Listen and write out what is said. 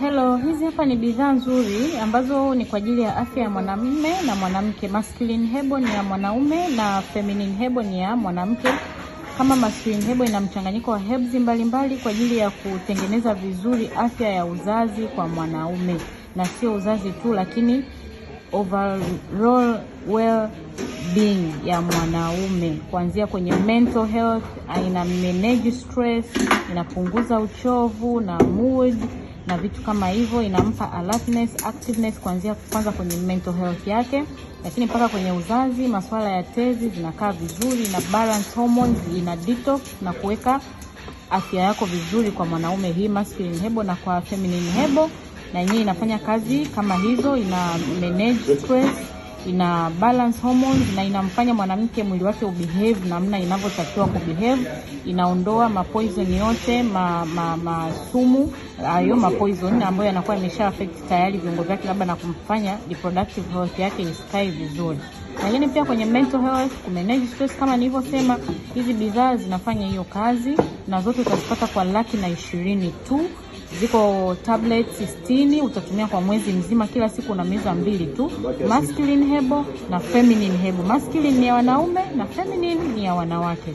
Hello, hizi hapa ni bidhaa nzuri ambazo ni kwa ajili ya afya ya mwanamume na mwanamke. Masculine hebo ni ya mwanaume na feminine hebo ni ya mwanamke. Kama masculine hebo ina mchanganyiko wa herbs mbalimbali kwa ajili ya kutengeneza vizuri afya ya uzazi kwa mwanaume, na sio uzazi tu, lakini overall well being ya mwanaume, kuanzia kwenye mental health, ina manage stress, inapunguza uchovu na mood vitu kama hivyo, inampa alertness, activeness kuanzia kwanza kwenye mental health yake, lakini mpaka kwenye uzazi, masuala ya tezi zinakaa vizuri, ina balance hormones, ina detox na kuweka afya yako vizuri. Kwa mwanaume hii masculine hebo na kwa feminine hebo, na yenyewe inafanya kazi kama hizo, ina manage stress ina balance hormones na inamfanya mwanamke mwili wake ubehave namna inavyotakiwa kubehave. Inaondoa mapoison yote ma, ma, masumu hayo mapoison ambayo yanakuwa yamesha affect tayari viungo vyake labda na kumfanya reproductive health yake isikae vizuri. Lakini pia kwenye mental health, kumanage stress kama nilivyosema, hizi bidhaa zinafanya hiyo kazi na zote utazipata kwa laki na ishirini tu. Ziko tablet 60 utatumia kwa mwezi mzima, kila siku na meza mbili tu, masculine hebo na feminine hebo. Masculine ni ya wanaume na feminine ni ya wanawake.